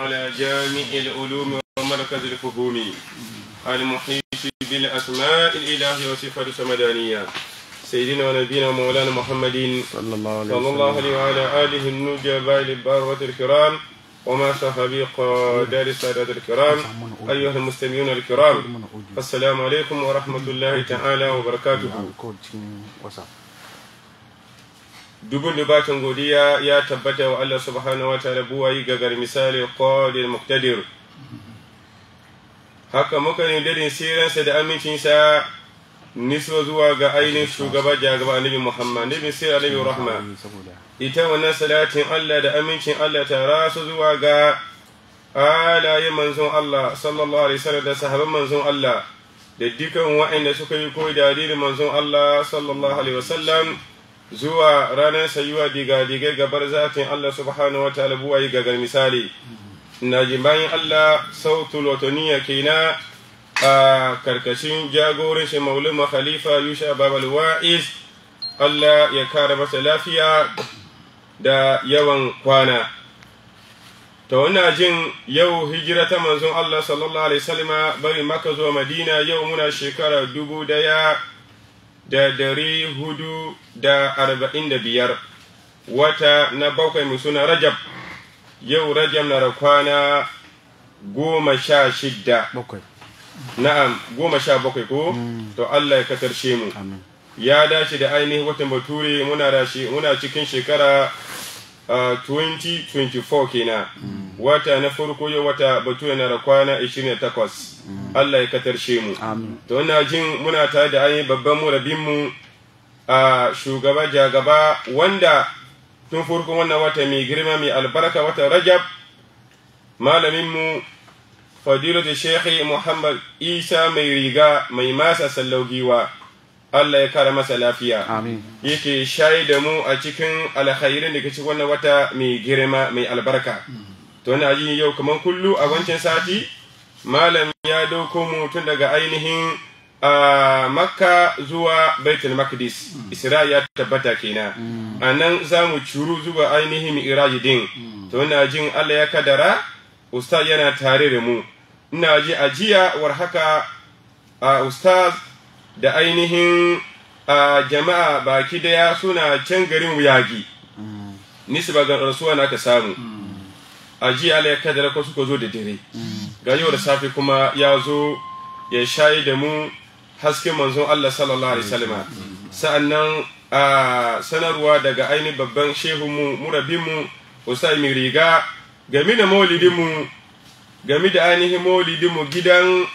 على جامع العلوم ومركز الفهوم المحيط بالأسماء الإله وصفات السمدانية سيدنا ونبينا مولانا محمد صلى الله عليه وسلم وعلى آله النجباء البارة الكرام وما سابق دار السادات الكرام أيها المستمعون الكرام السلام عليكم ورحمة الله تعالى وبركاته dubun da bakin godiya ya tabbata wa Allah subhanahu wa ta'ala buwayi gagar misali qadir muqtadir haka muka ne dadin siransa da amincinsa niso zuwa ga ainihin shugaba jagaba annabi Muhammad nabi sir annabi rahma ita wannan salatin Allah da amincin Allah ta rasu zuwa ga alaye manzon Allah sallallahu alaihi wasallam da sahaban manzon Allah da dukan waɗanda suka yi koyi da manzon Allah sallallahu alaihi wasallam zuwa ranar sayuwa diga-digai gabar zafin, Allah subhanahu wa ta'ala yi ga misali na bayan Allah ya ke na a karkashin jagorin shi maulima khalifa yusha babal wa'iz Allah ya kara masa lafiya da yawan kwana ta wana jin yau hijira ta manzon Allah sallallahu alaihi wasallama bari maka zuwa madina yau muna shekara dubu daya da dari hudu da arba'in da biyar wata na bakwai mu suna rajab yau rajab na kwana goma sha shidda na'am goma sha bakwai ko mm. to Allah ya katarshe mu ya dace da ainihin watan bature muna cikin shekara 2024 uh, kenan mm. wata na farko yau wata batu yana da kwana 28 mm. Allah ya katarshe mu to ina jin muna tare da ayi babban murabin mu a shugaba jagaba wanda tun farko wannan wata mai girma mai albarka wata rajab malamin mu fadilatu shekhi muhammad isa mai riga mai masa giwa Allah ya kara masa lafiya. Amin. Yake shayi da mu a cikin alkhairin da kace wannan wata mai girma mai albarka. To na ji yau kaman kullu a wancan sati malam ya dauko mu tun daga ainihin a Makka zuwa Baitul Maqdis. Isra ya tabbata kenan. Mm. A nan za mu curu zuwa ainihin Mi'raji din. Mm. To na jin Allah ya kadara Ustaz yana tare da mu. Ina ji ajiya war haka a Ustaz da ainihin a jama'a baki daya suna can garin wuyagi nisba ga rasuwa na ka samu a ji ala ya kadara ko suka zo da dare ga yau da safe kuma ya zo ya shayi da mu hasken manzon Allah sallallahu alaihi wasallam sa'annan a sanarwa daga ainihin babban shehunmu mu usai riga game da mu game da ainihin maulidinmu gidan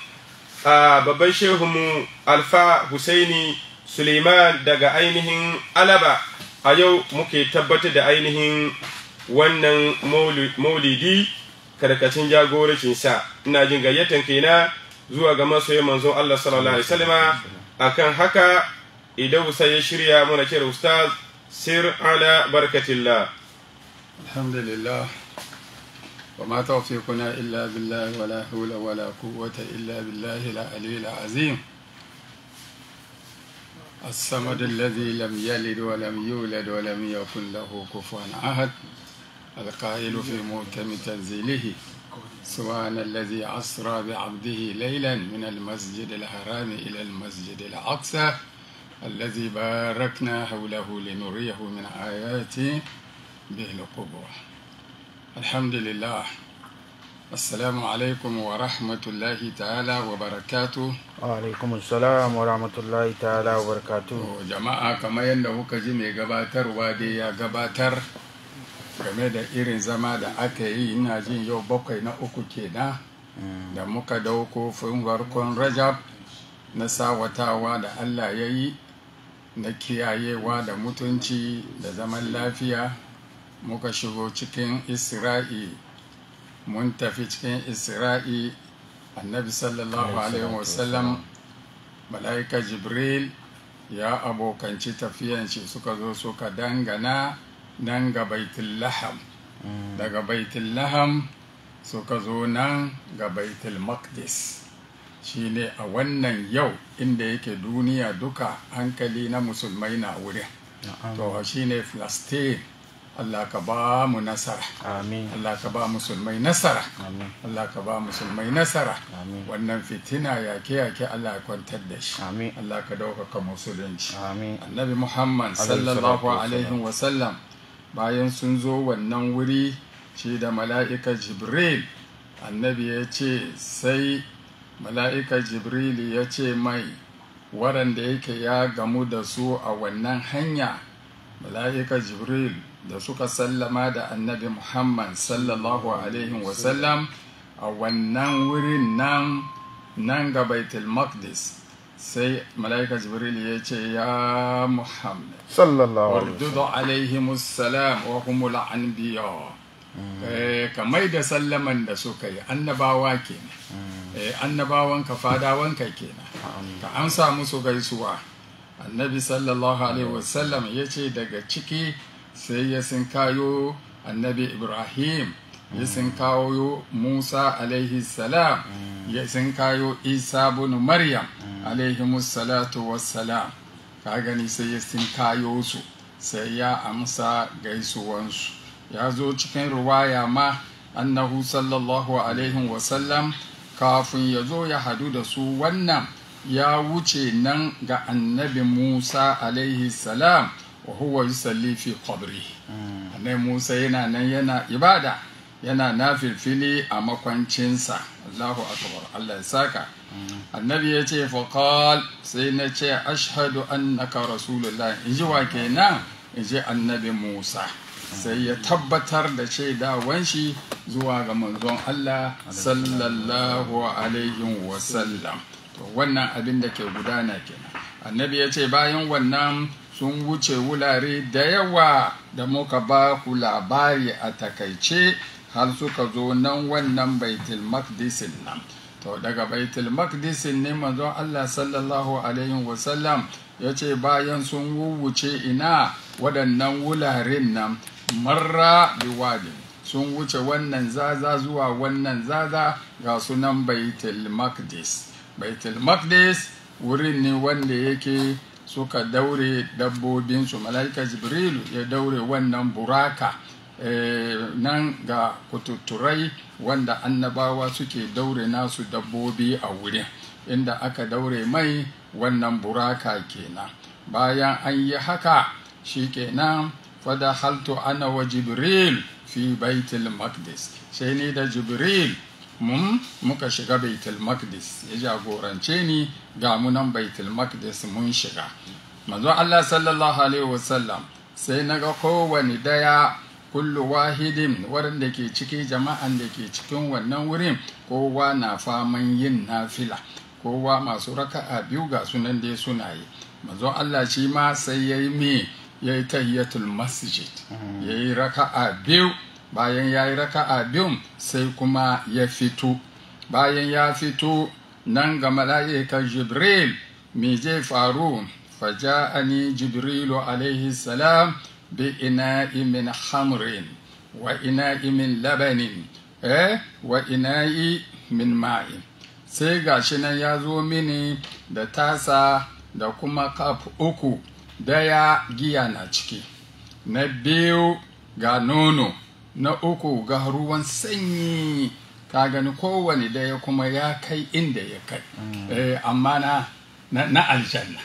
a babban shehunmu alfa husaini suleiman daga ainihin alaba a yau muke tabbatar da ainihin wannan maulidi karkacin sa ina jin gayyatan kaina zuwa ga masoyin manzon Allah sallallahu alaihi wasallama akan haka idan sai ya shirya muna kira ustaz sir ala barkatillah alhamdulillah وما توفيقنا إلا بالله ولا حول ولا قوة إلا بالله العلي العظيم الصمد الذي لم يلد ولم يولد ولم يكن له كفوا أحد القائل في محكم تنزيله سبحان الذي أسرى بعبده ليلا من المسجد الحرام إلى المسجد الأقصى الذي باركنا حوله لنريه من آياته به القبور Alhamdulillah, Assalamu alaikum wa rahmatullahi ta'ala wa barakatu. Wa alaikum salam wa rahmatullahi ta'ala wa barakatu. jama'a kama yadda muka ji mai gabatar wa ya gabatar game da irin zama da aka yi ina jin yau bakwai na uku ke na da muka dauko fungwarkon rajab na sawatawa da Allah ya yi. na kiyayewa da mutunci da zaman lafiya muka shigo cikin isra'i mun tafi cikin isra'i annabi sallallahu alaihi wasallam mala'ika jibril ya abokanci tafiyan suka zo suka dangana nan ga baitul laham mm. daga baitul laham suka zo nan ga baitul maqdis shine a wannan yau inda yake duniya duka hankali na musulmai na wurin to shine filastin Allah ka ba mu nasara Amin. Allah ka ba musulmai nasara Amin. Allah ka ba musulmai nasara Amin. wannan fitina yake yake Allah ya kwantar da shi Allah ka daukaka musulunci annabi Muhammad sallallahu alaihi wa sallam bayan sun zo wannan wuri shi da mala'ika Jibril annabi ya ce sai mala'ika Jibril ya ce mai waɗanda yake ya gamu da su a wannan hanya mala'ika Jibril da suka sallama da annabi muhammad sallallahu alaihi wasallam a wannan wurin nan nan ga baitul maqdis sai mala'ika jibril ya ce ya muhammad sallallahu alaihi wa alaihi musallam wa humul anbiya eh, kamai da sallaman da suka yi annabawa kenan hmm. eh, annabawan ka fadawan ka kenan ka amsa musu gaisuwa annabi sallallahu alaihi wasallam ya ce daga ciki sai ya sinkayo annabi ibrahim ya sinkayo musa alaihi salam ya sinkayo isa bin maryam alaihi salatu wassalam ka gani sai ya kayo su sai ya amsa gaisuwansu ya zo cikin ruwaya ma annahu sallallahu alaihi wasallam kafin ya zo ya hadu da su wannan ya wuce nan ga annabi musa alaihi salam wa huwa yusalli fi qabri hmm. annai Musa yana nan yana ibada yana nafilfili a makwancinsa Allahu akbar Allah ya saka hmm. annabi ya ce faqal sai na ce ashhadu annaka rasulullah in ji wa kenan in ji annabi Musa hmm. sai ya tabbatar da shaidawan shi zuwa ga manzon Allah sallallahu alaihi wasallam to wannan abin da ke gudana kenan annabi ya ce bayan wannan sun wuce wulare da yawa da muka ba ku labari a takaice har suka zo nan wannan baitul makdisin nan to daga baitul makdisin ne manzon Allah sallallahu alaihi wasallam ya ce bayan sun wuce ina waɗannan wularen nan marra biwadin sun wuce wannan zaza zuwa wannan zaza ga sunan baitul makdis baitul makdis wurin ne wanda yake suka daure dabbobinsu mala'ika jibrilu ya daure wannan buraka eh, nan ga kututturai wanda annabawa suke daure nasu dabbobi a wurin inda aka daure mai wannan buraka kenan bayan an yi haka shi kenan fada haltu ana wa jibril fi baitul maqdis sai ni da jibril mun muka shiga baitul maqdis ya jagorance ni ga munan baitul maqdis mun shiga manzo Allah sallallahu alaihi wasallam sai naga kowane daya kullu wahidin wurin da ke ciki jama'an da ke cikin wannan wurin kowa na faman yin nafila kowa masu raka'a biyu ga sunan dai suna yi manzo Allah shi ma sai yayi me yayi tahiyatul masjid mm. yayi raka'a biyu bayan ya yi raka'a biyun sai kuma ya fito bayan ya fito nan ga mala'ikar jibril me zai faru faja'ani jibrilu alaihi salam bi ina min hamrin wa ina min labanin eh wa yi min ma'in sai ga shi nan ya zo mini da tasa da kuma kaf uku daya giya na ciki na biyu ga nono na uku ga ruwan sanyi ka gani kowane daya kuma ya kai inda ya kai mm. eh, amma na na aljanna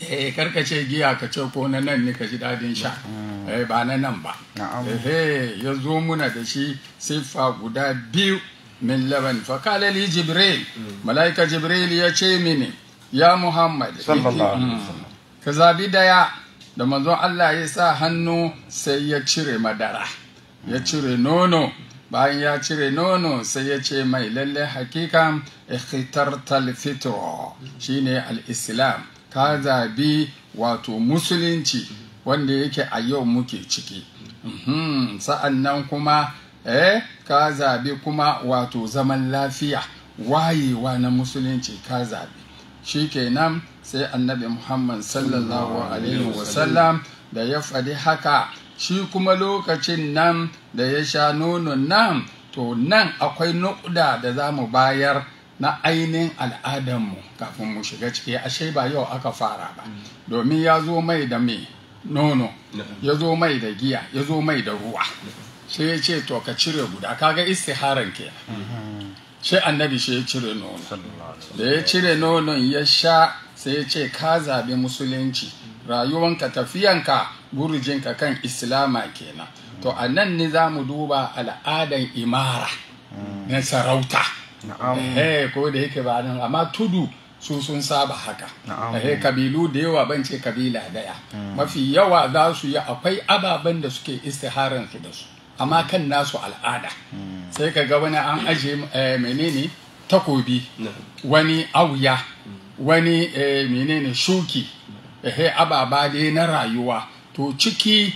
eh karkace giya ka ce ko na nan ne ka ji dadin sha mm. eh ba na nan ba eh ya zo muna da shi siffa guda biyu min laban fa kala li jibril mm. malaika jibril ya ce mini ya muhammad ka zabi daya da manzo Allah ya sa hannu sai ya cire madara ya cire nono bayan ya cire nono sai ya ce mai lalle hakika ikhtartal fitro shine al-islam ka zabi wato musulunci wanda yake a yau muke ciki mhm. sa'an nan kuma eh ka zabi kuma wato zaman lafiya wayewa na musulunci ka zabi shikenan sai annabi muhammad sallallahu alaihi wasallam da ya faɗi haka shi kuma lokacin nan da ya sha nonon nan to nan akwai nukuda da za mu bayar na ainihin al'adanmu kafin mu shiga ciki ashe ba yau aka fara ba domin ya zo mai da me nono ya zo mai da giya ya zo mai da ruwa sai ya ce to ka cire guda kaga istiharan ke sai annabi shi ya cire nono da ya cire nonon ya sha sai ya ce ka zaɓi musulunci rayuwanka tafiyanka gurujinka kan islama kenan to a nan ne za mu duba al'adan imara na sarauta eh, ko da yake ba nan amma tudu su sun saba haka eh kabilu da yawa ban ce kabila daya mafi yawa za su yi akwai ababen da suke istiharan su da su amma kan nasu al'ada sai ka ga wani an aje eh, menene takobi wani auya wani eh, menene shuki ehe ababa dai na rayuwa to ciki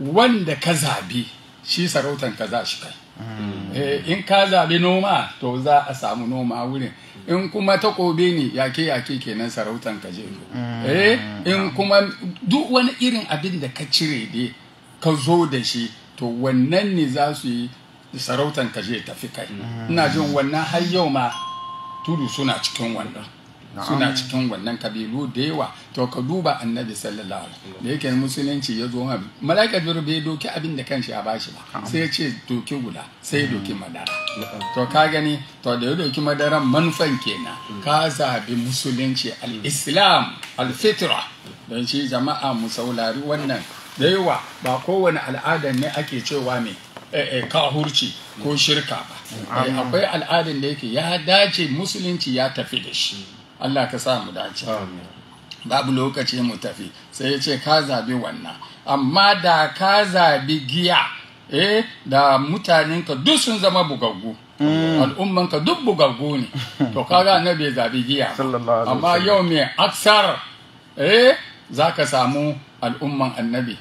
wanda ka zabi shi sarautan ka za shi kai mm. eh, in ka zabi noma to za a samu noma wurin in kuma ta kobe ne yake yake kenan sarautan ka je mm. eh in kuma duk wani irin abin da ka cire dai ka zo da shi to wannan ne za su yi sarautan ka je tafi kai mm. ina jin wannan har yau ma tudu suna cikin wannan suna cikin wannan kabilu da yawa to ka duba annabi sallallahu alaihi da yake musulunci ya zo mabi malaka jibril bai doki abin da kanshi ya bashi ba sai ya ce doki guda sai doki madara to ka gani to da ya doki madaran manufan kenan mm. ka zabi musulunci al-islam al-fitra don shi jama'a mu saulari wannan da yawa ba kowane al'ada ne ake cewa me eh, eh, kahurci ko shirka ba mm. akwai al'adar da yake ya dace musulunci ya tafi da shi mm. Allah ka sa mu dace babu lokaci mu tafi sai ya ce ka zabi wannan amma da ka zabi giya eh da mutanenka duk sun zama bugaggu mm. al'ummanka duk bugaggu ne to kaga na bai zabi giya amma yau mai aksar eh za ka samu al'umman annabi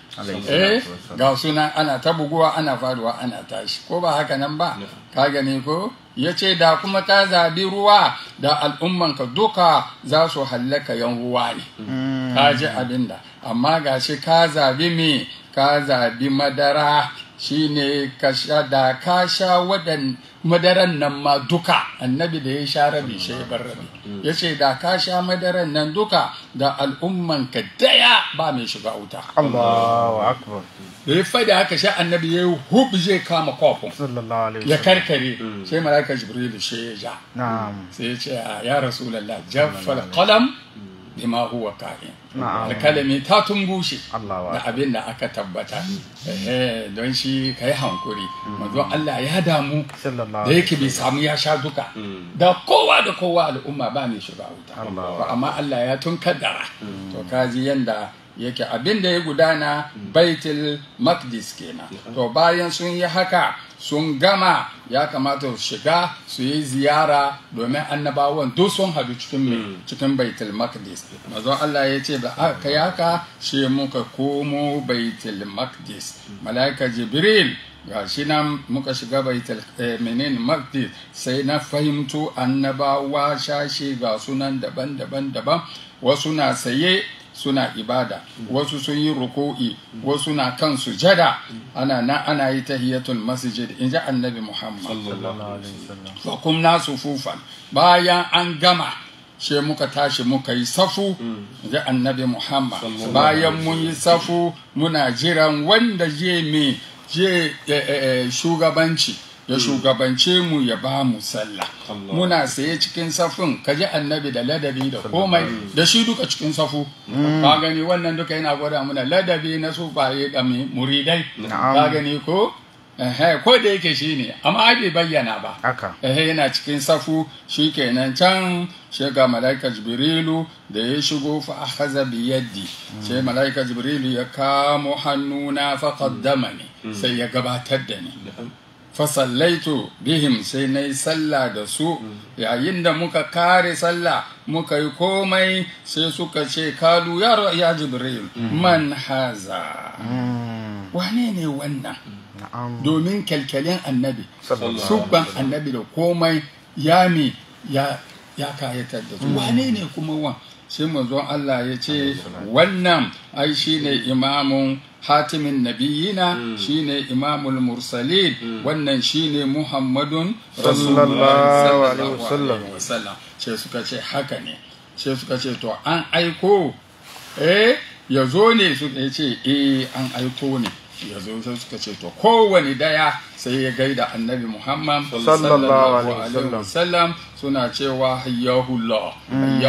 eh ga suna ana ta buguwa ana faruwa ana tashi ko ba haka nan ba ka gani ko ya ce da kuma ta zaɓi ruwa da al'ummanka duka za su hallaka yan ruwa ne mm. ka ji abin da amma ga shi ka zaɓi me ka zaɓi madara shine ka sha da ka sha waɗanda madaran nan ma duka annabi da ya sha rabi sai ya bar rabi ya ce da ka sha madaran nan duka da al'umman ka daya ba mai shiga wuta Allahu akbar da ya fada haka sha annabi ya yi hub zai kama kofin ya karkare mm. sai malaka jibril sai ya ja sai ya ce ya rasulullah jaffal qalam mm. bima huwa ka'in alkalami ta tumbushe na abin da aka tabbata don shi ka yi hankuri manzo Allah ya damu da yake bai samu ya sha duka mm. da kowa da kowa al'umma ba mai shiga wuta amma Allah ya tun kaddara mm. to kaji yanda yake abin da ya gudana mm. baitul maqdis kenan to bayan sun yi haka sun gama ya kamata su shiga su yi ziyara domin annabawan duk sun hadu cikin hmm. cikin baitul maqdis manzon Allah ya ce da aka yaka shi muka komo baitul maqdis hmm. malaika jibril shi nan muka shiga baitul eh, menen maqdis sai na fahimto annabawa shashi ga sunan daban-daban daban wasu na saye suna ibada wasu sun yi ruku'i wasu na kan sujada ana na ana yi tahiyatul masjid in ji annabi muhammad fa kumna sufufan bayan an gama she muka tashi muka yi safu mm. ji annabi muhammad bayan mun yi safu muna jiran wanda je me je eh, eh, eh, shugabanci ya hmm. shugabance mu ya ba mu sallah muna saye cikin safin ka ji annabi da ladabi da komai da shi duka cikin safu ba hmm. gani wannan duka yana gwada muna ladabi na su baye da muridai ba gani ko ko da yake shi ne amma bai bayyana ba yana cikin safu shi kenan can shi ga malaika jibrilu da ya shigo fa akhadha bi yaddi hmm. shi malaika jibrilu ya kamo hannuna fa qaddamani sai ya gabatar da ni fasallaitu bihim sai na yi sallah da su yayin da muka kare sallah muka yi komai sai suka ce kalu ya ya jibril man haza mm. wane ne wannan domin kyalkyalin annabi subban annabi da komai ya ne ya kayatar da su mm. wane ne kuma wa sai manzon Allah ya ce wannan ai shi ne imamun hatimin nabiyina mm. shine imamul mursalin mm. wannan shine muhammadun sallallahu alaihi wasallam ce suka ce haka ne ce suka ce to an aiko eh ya zo ne suka ce eh an aiko ne ya zo sai suka ce to kowane daya sai ya gaida annabi muhammad sallallahu alaihi wasallam suna cewa hayyahullah mm.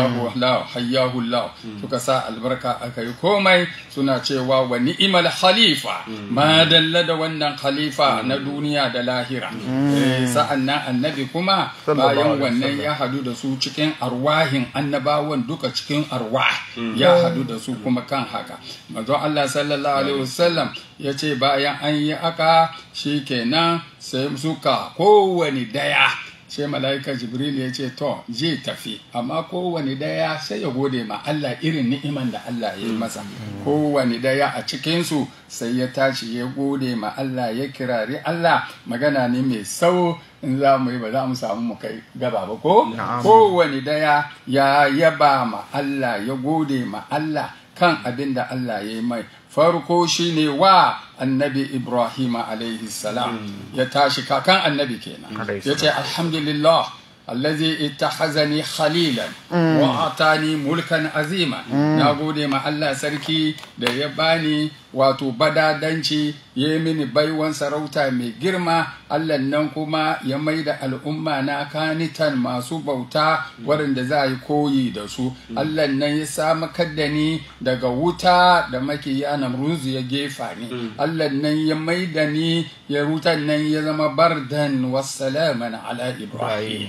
hayyahullah mm. suka sa albarka aka yi komai suna cewa wa ni'imal khalifa mm. ma dalla da wannan khalifa na duniya da lahira eh, sa'an nan annabi kuma bayan wannan ya hadu da su cikin arwahin annabawan duka cikin arwa. ya hadu da su kuma kan haka manzo Allah sallallahu alaihi wasallam ya ce bayan an yi aka shikenan sai suka kowane daya sai mala'ika jibril ya ce to zai tafi amma kowane daya sai ya gode ma Allah irin ni'iman da Allah ya yi masa kowane daya a cikinsu sai ya tashi ya gode ma Allah ya kirari Allah magana ne mai sau in za mu yi ba za mu samu mu kai gaba ba ko kowane daya ya yaba ma Allah ya gode ma Allah kan abin da Allah ya yi mai farko shine wa annabi ibrahim alaihi salam hmm. ya tashi kakan annabi kenan ya ce alhamdulillah allazi ittakhazani khalilan hmm. wa atani mulkan azima hmm. na gode ma Allah sarki da ya bani wato badadanci ya yi mini baiwan sarauta mai girma allah nan kuma ya mai da al'umma na kanitan masu bauta waɗanda za a yi koyi da su allah nan ya samu kaddani daga wuta da makiya na runzu ya gefa ni allah nan ya mai da ni ya rutan nan ya zama bardan wasalaman ala ibrahim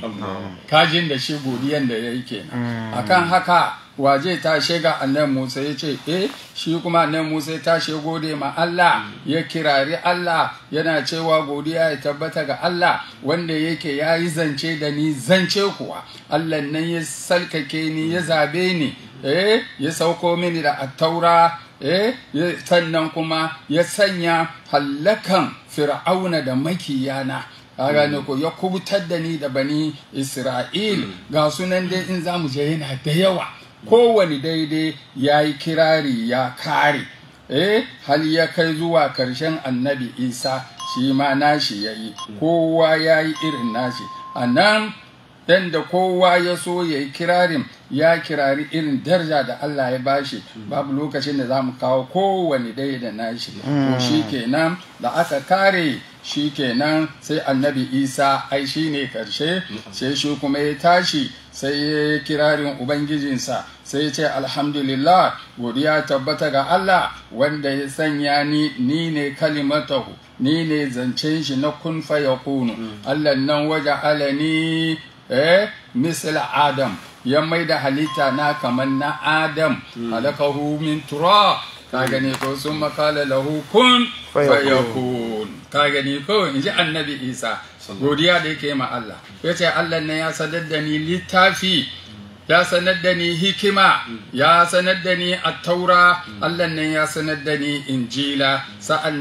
kajin da shi godiyan da ya yi kenan mm. akan haka Waje ta tashe ga annan Musa ya ce eh shi kuma annan Musa ya tashe gode ma Allah ya kirari Allah yana cewa godiya ya tabbata ga Allah wanda yake ya yi zance da ni zance kuwa Allah nan ya salkake ni ya zabe ni eh ya sauko mini da attaura eh sannan kuma ya sanya hallakan fir'auna da makiyana a ne ko ya kubutar da ni da bani isra'il ga sunan dai in za mu je yana da yawa kowane daidai ya yi kirari ya kare eh hal ya kai zuwa karshen annabi isa shi ma nashi ya yi kowa ya yi irin nashi a nan da kowa ya so ya yi kirarin ya kirari irin darja da Allah ya bashi babu lokacin da za mu kawo kowane dai da nashi to shi mm. kenan da aka kare shi kenan sai annabi isa ai shi ne karshe sai shi kuma ya tashi sai ya kirarin ubangijinsa sai ce alhamdulillah ya tabbata ga allah wanda ya sanya ni ni ne kalimatahu ni ne zancen shi na kun faya kunu mm. allah nan waje alani eh misal adam ya mai da halitta na kamar na adam mm. halakahu min turab ka hmm. gani ko sun makala lahu kun fayakun ka gani ko in ji annabi isa godiya da yake ma Allah ya ce Allah ne ya sadar da ni littafi ya sanar da ni hikima mm. ya sanar da ni taura mm. Allah nan ya sanar da ni injila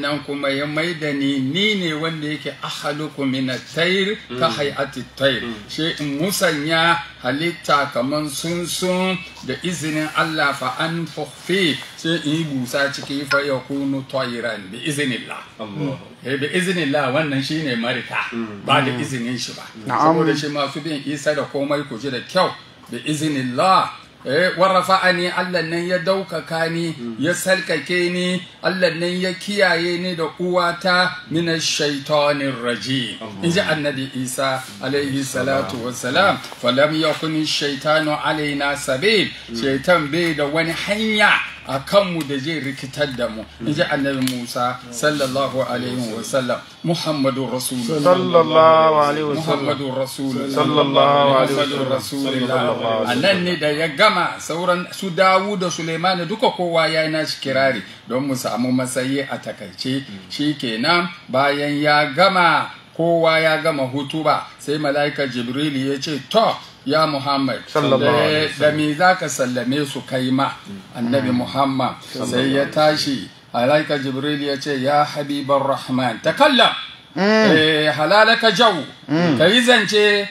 nan kuma ya mai da ni ni ne wanda yake ahaluku mina tair ta mm. ka hay'ati shi in musanya halitta kaman sunsun da izinin Allah fa an fi sai in yi busa ciki fa da izinin bi da izinin la wannan shine marika ba da izinin shi ba saboda shi masu bin isa da komai ku ji da kyau bi iznillah eh ne, Allah nan ya daukaka ni hmm. ya salkake ni Allah nan ya kiyaye ni da uwata min shaitanir rajim inji annabi Isa alaihi salatu wassalam falam yakun shaitanu alaina sabil hmm. shaitan bai da wani hanya a kanmu da zai rikitar da mu in ji annabi musa sallallahu alaihi wa sallam muhammadu rasulullah sallallahu alaihi wa sallam muhammadu rasulullah sallallahu alaihi wa rasulullah annan ne da ya gama sauran su dawu da suleiman duka kowa ya yi nashi kirari don mu samu masayi a takaice shikenan bayan ya gama kowa ya gama hutu sai mala'ika jibril ya ce to ya Muhammad da me za ka sallame su kai ma annabi mm. Muhammad sai ya tashi alaika Jibril ya ce ya habibar Rahman ta mm. eh halalaka jau mm. yi zance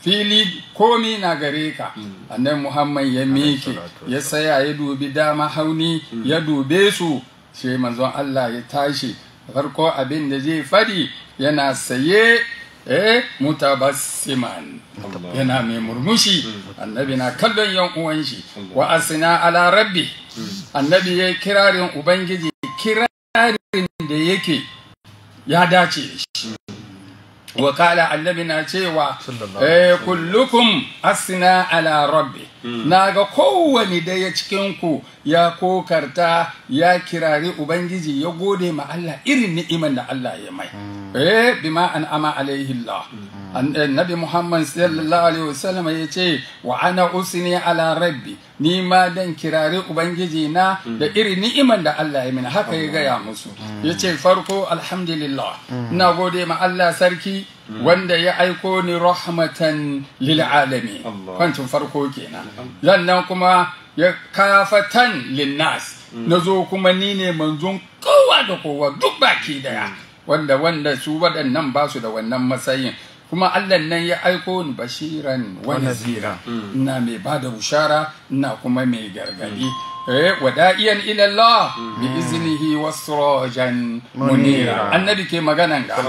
fili komi na gare ka annabi Muhammad ya miƙe, ya saya ya dubi dama hauni ya dube su sai manzon Allah ya tashi farko abin da zai fadi yana saye eh mutabassiman yana mai murmushi mm. annabi na kallon yan uwan shi mm. wa asina ala rabbi mm. annabi ya kirarin ubangiji kirarin da yake ya dace shi wa kala annabi na cewa eh kullukum asina ala rabbi na ga kowane daya cikinku ya kokarta ya kirari ubangiji ya gode ma Allah irin ni'iman da Allah ya mai eh bima an ama alaihi Allah annabi eh, Muhammad sallallahu alaihi wasallam ya ce wa ana usni ala rabbi ni ma dan kirari ubangiji na da irin ni'iman da Allah ya mini haka ya gaya musu ya ce farko alhamdulillah ina mm. gode ma Allah sarki Hmm. wanda ya aiko ni rahmatan lil alamin kwancin farko kenan sannan kuma ya kafatan linnas hmm. na zo kuma ni ne manzon kowa da kowa duk baki daya hmm. wanda wanda su waɗannan ba su da wannan matsayin kuma Allah nan ya aiko ni bashiran wa nazira ina mai ba da bushara ina kuma mai gargadi eh wada'iyan ila Allah bi iznihi wasrajan munira annabi ke maganan ga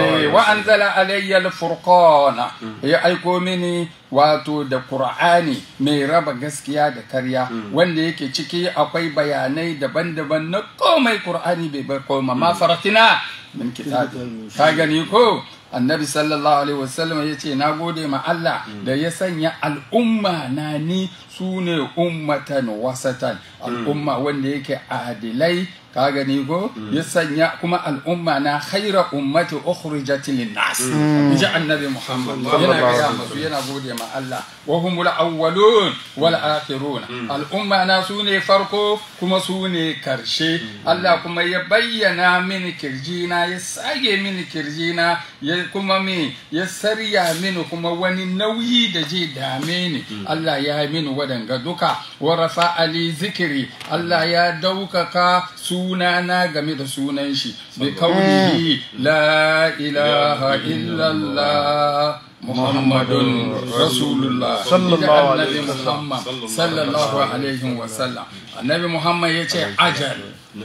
eh wa anzala alayya al-furqana mm. ya aiko mini wato da Kur'ani mai raba gaskiya da karya mm. wanda yake ciki akwai bayanai daban-daban na komai Kur'ani bai bar koma ma mm. faratina min kitabi ka gani ko annabi sallallahu alaihi wasallam ya ce na gode ma Allah da ya sanya al'umma na ni su ne ummatan wasatan al'umma hmm. wanda yake adilai ka gani ko hmm. ya sanya kuma al'umma na khaira ummati ukhrijat lin nas hmm. ji annabi muhammad yana ga masu yana gode ma Allah wa humul awwalun wal akhirun al'umma na su ne farko kuma su ne karshe Allah kuma ya bayyana mini kirjina ya sage mini kirjina ya kuma me ya sarya min kuma wani nauyi da zai dame ni Allah ya yi mini waɗanga duka wa rafa ali zikiri Allah ya daukaka sunana game da sunan shi bi kaunihi la ilaha illallah muhammadun rasulullah sallallahu alaihi muhammad sallallahu alaihi wasallam annabi muhammad ya ce ajal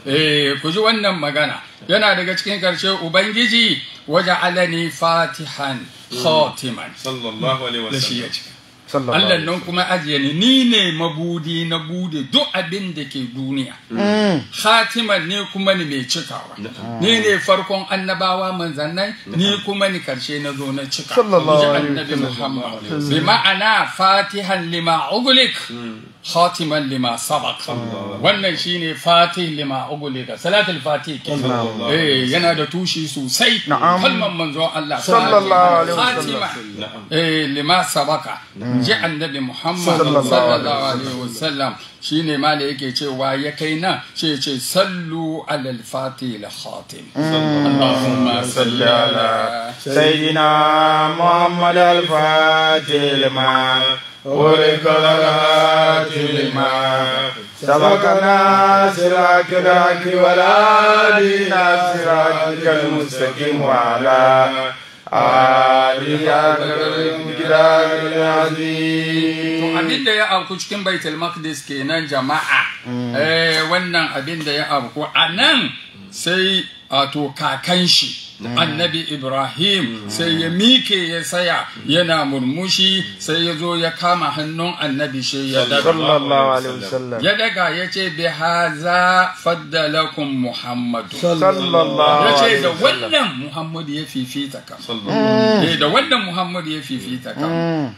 eh ku ji wannan magana yana daga cikin karshe ubangiji waje alani fatihan khatiman sallallahu alaihi wasallam Allah nan kuma ajiye ni ni ne mabudi na bude duk abin da ke duniya mm. Mm. khatiman ne kuma ni mai cikawa mm. ni ne farkon annabawa manzannai ni kuma ni karshe na zo na cika sallallahu alaihi wa sallam. bi ma'ana fatihan lima ughliq khatiman lima sabaq wannan shine fatih lima ugulika salatul fatih eh yana da tushi sosai kalman manzo Allah sallallahu alaihi wasallam eh lima sabaqa ji annabi Muhammad sallallahu alaihi wasallam shi ne ma da yake cewa ya kai na ce ce sallu alal fatil khatim mm. Allahumma salli ala sayyidina Muhammad al fatil ma سبقنا سراك راك ولا دينا سراك المستقيم abin da ya auku cikin baitul maqdis kenan jama'a mm. eh, wannan abin da ya auku a nan sai a to kakan shi Mm. annabi ibrahim sai ya mike ya saya yana murmushi sai ya zo ya kama hannun annabi shi ya daga ya daga ya ce bi haza faddalakum muhammadu ya ce eh, da wannan muhammadu ya fifita ka da wannan muhammadu ya fifita ka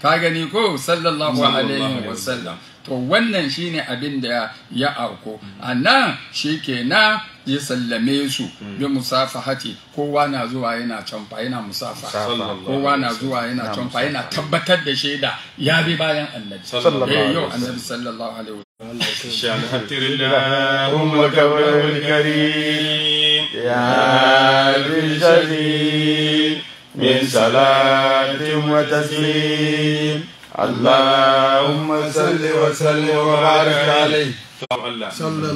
ka gani ko sallallahu alaihi wasallam to wannan shine abin da ya auko a nan shi kenan ya sallame su bi musafahati kowa na zuwa yana canfa yana musafa kowa na zuwa yana canfa yana tabbatar da sheda ya bi bayan annabi sallallahu alaihi wasallam شهدت اللهم كبره الكريم يا بالجليل من صلاة وتسليم اللهم صل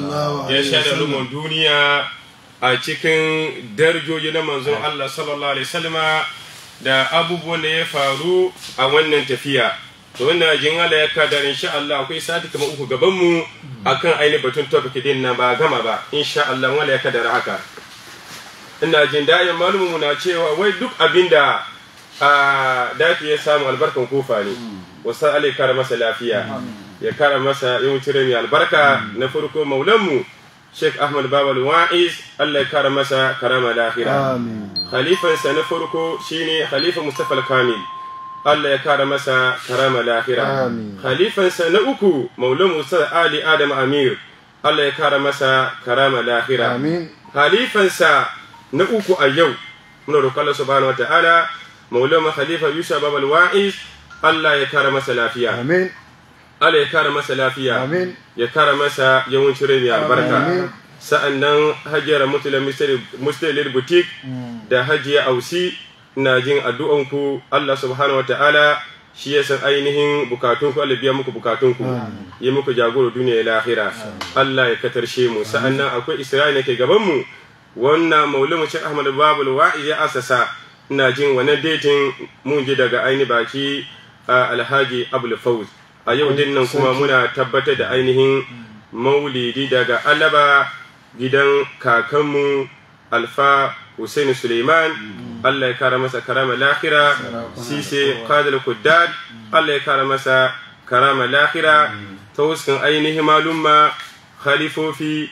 wa ya duniya a cikin darjoji na manzon Allah sallallahu alaihi da abubuwan da ya faru a wannan tafiya da wannan jin Allah ya kada insha Allah akwai sati kamar uku gaban mu akan ainihin batun topic din na ba gama ba insha Allah wala ya haka ina jin da'in malumin na cewa wai duk abinda a datu ya samu albarkan kofa ne wasu ala ya kara masa lafiya ya kara masa yawancin rai albarka na farko maulanmu sheikh ahmad babal wa'iz allah ya kara masa karama lahira khalifansa na farko shine khalifa mustafa kamil allah ya kara masa karama lahira khalifansa na uku maulan musa ali adam amir allah ya kara masa karama lahira khalifansa na uku a yau muna roƙon allah subhanahu wa ta'ala maulama khalifa yusha babal Allah ya kara masa lafiya Allah ya kara masa lafiya ya kara masa yawancin rai mai albarka sa'annan hajiyar mutula mustalir butik mm. da hajiya ausi na jin addu'anku Allah subhanahu wataala shi ya san ainihin bukatunku Allah biya muku bukatunku yi muku jagoro duniya lahira Allah ya katarshe mu sa'annan akwai Isra'ila ke gaban mu wannan maulumin Sheikh Ahmad Babul ya asasa ina jin wani datin mun ji daga aini baki a alhaji abul a yau din nan kuma muna tabbatar da ainihin mm. maulidi daga alaba gidan kakanmu alfa Hussein Suleiman mm. Allah ya kara masa karama lahira sise qadil kuddad mm. Allah ya kara masa karama lahira ta wuskan ainihin malumma khalifofi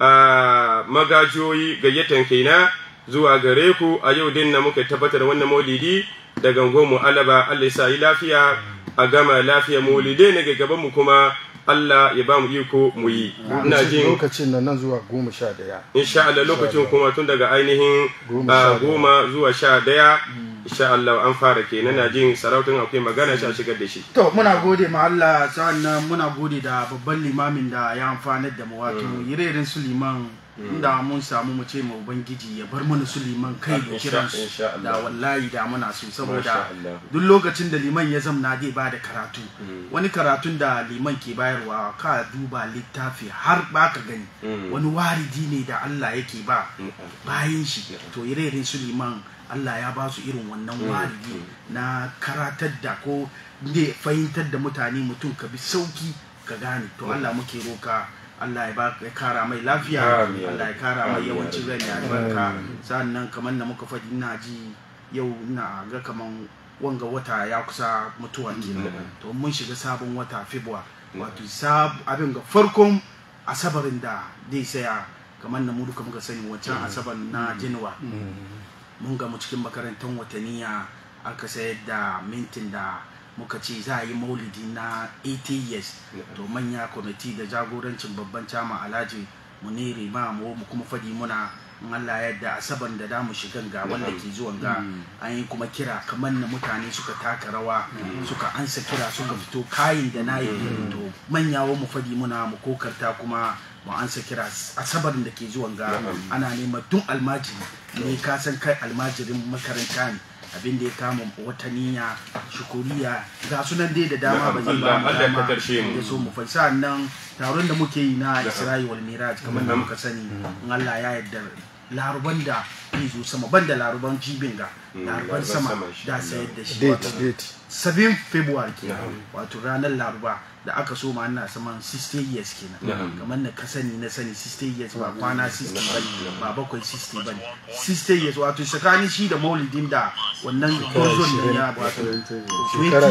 a magajoyi gayyatan kaina zuwa gare ku a yau din na muka tabbatar wannan maulidi da gangon mu alaba Allah ya yi lafiya a gama lafiya maulidai ne ga gaban mu kuma Allah ya ba mu iko mu yi. Ina jin lokacin nan zuwa goma sha daya. Insha Allah lokacin kuma tun daga ainihin goma ah, zuwa sha daya. Mm. Insha Allah an fara ke na jin sarautun akwai magana sha shigar da shi. To muna gode ma Allah sa'an nan muna gode da babban limamin da ya amfanar da mu wato mm. ire su liman inda mun samu mu ce ma ubangiji ya bar mana su liman kai da kiransu da wallahi da muna su saboda duk lokacin da liman ya zamna zai ba da karatu mm. wani karatun da liman ke bayarwa ka duba littafi har ba ka gani mm. wani waridi ne da Allah yake ba mm. bayan shi to irin su liman Allah ya ba su irin wannan waridi na karatar da ko fahimtar da mutane mutum ka bi sauki ka gane to Allah muke roka Allah ya baka kara mai lafiya Allah ya kara mai yawancin rai ya albarka sannan kamar da muka faɗi ina ji yau na ga kaman wanga wata ya kusa mutuwa kenan to mun shiga sabon wata febwa wato sab abin ga farkon asabarin da zai saya kamar na mu duka muka sani wancan asabar na januwa mun ga mu cikin makarantar wataniya aka sayar da mintin da muka ce za a yi maulidi na 80 years to manya kwamiti da jagorancin babban cama alhaji muniri ma mu kuma fadi muna Allah yadda asaban da damu shigan ga wanda ke zuwan ga an yi kuma kira kamar na mutane suka taka rawa suka ansa kira suka fito kayin da yi to manya mu fadi muna mu kokarta kuma mu ansa kira asabar da ke zuwan ga ana neman tun almajiri ne ka san kai almajirin makaranta ne abin da ya kama niyya shukuriya ga sunan dai da dama ba zai ba mu dama da so mu falsa nan taron da muke yi na Isra'i wal Miraj kamar da muka sani mm. in Allah ya yarda laruban da zai zo sama banda laruban jibin ga mm, laruban sama da sayar da shi date 7 February kenan wato ranar laruba da aka so ma ana saman 60 years kenan kamar na kasani na sani 60 years ba kwana 60 ba ba bakwai 60 ba 60 years wato tsakanin shi da maulidin da wannan gwarzon ne ya ba ta shekara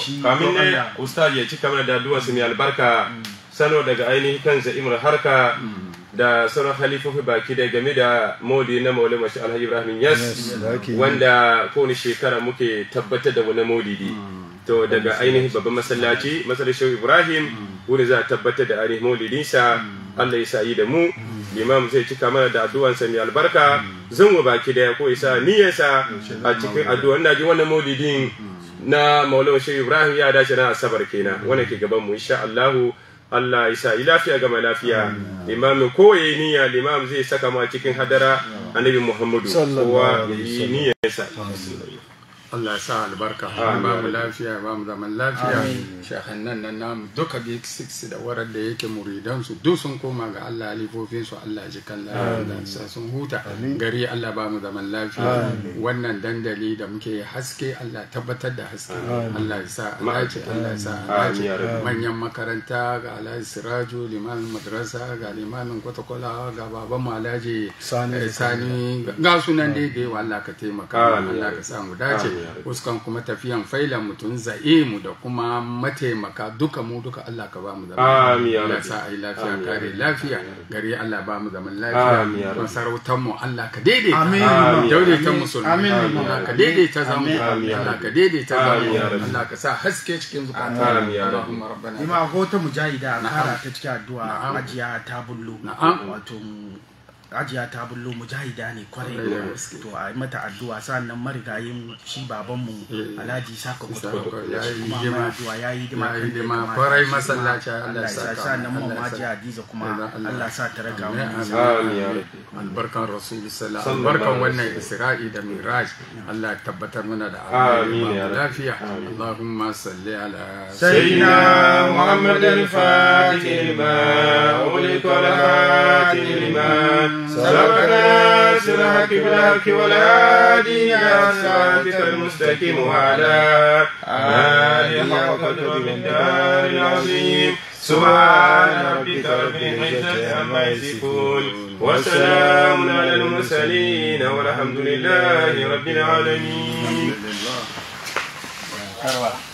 shi kamin ne ustaz ya cika da duwa su mai albarka mm. salo daga ainihin kan imar harka mm. da sauran halifofi baki da game da modi na maulai mashi alhaji ibrahim yas wanda kowane shekara muke tabbatar da wani ne mm. to daga ainihin babban masallaci masallacin ibrahim wuri za a tabbatar da ainihin maulidinsa allah ya sa yi da mu limam zai cika mana da addu'ansa mai albarka zan wa baki daya ko isa niyyarsa a cikin addu'a ina ji wannan maulidin na maulawar shehu ibrahim ya dace na asabar kenan wannan ke gaban mu insha allahu Allah ya yi lafiya gama lafiya limamin yi niyya imam zai saka a cikin hadara annabi muhammadu kowa ya yi niyyarsa Allah ya sa albarka ba mu lafiya ba mu zaman lafiya shahannan nan namu duka bi six da warar da yake muridan su duk sun koma ga Allah alifofin su Allah ji kan lafiya sun huta gari Allah ba mu zaman lafiya wannan dandali da muke haske Allah tabbatar da haske Allah ya sa alaji Allah ya sa alaji manyan makaranta ga alaji Siraju liman madrasa ga liman kwatakwala ga baban Malaji Sani eh, ga sunan dai da yawa Allah ka taimaka Allah ka mu dace fuskan kuma tafiyan faila mutum za'imu da kuma mataimaka duka mu duka Allah ka ba mu zaman lafiya ya sa ai lafiya kare lafiya gari Allah ba mu zaman lafiya kun sarautar mu Allah ka daidaita amin daidaita musulmi Allah ka daidaita zamu Allah ka daidaita zamu Allah ka sa haske cikin zukata Allahumma rabbana ima ko ta mujahida a kara ta cikin addu'a ajiya ta bullo wato ajiya ta bullo mujahida ne kwarai to a mata addu'a sannan marigayin shi baban mu eh, eh. alhaji saka kwatkwato kuma addu'a ya yi dima kan dima kwarai masallaci Allah ya saka sannan mu ma ji hadiza kuma Allah sa ta raka mu amin ya rabbi albarkan rasul sallallahu alaihi barkan wannan isra'i da miraj Allah ya tabbatar mana da amin ya rabbi Allahumma salli ala sayyidina Muhammadin fatih ma ulil fatih liman سبقنا الحق بالحق والهادي يا صراط المستقيم وعلى آل حق من دار العظيم سبحان ربك رب العزة عما يصفون وسلام على المرسلين والحمد لله رب العالمين.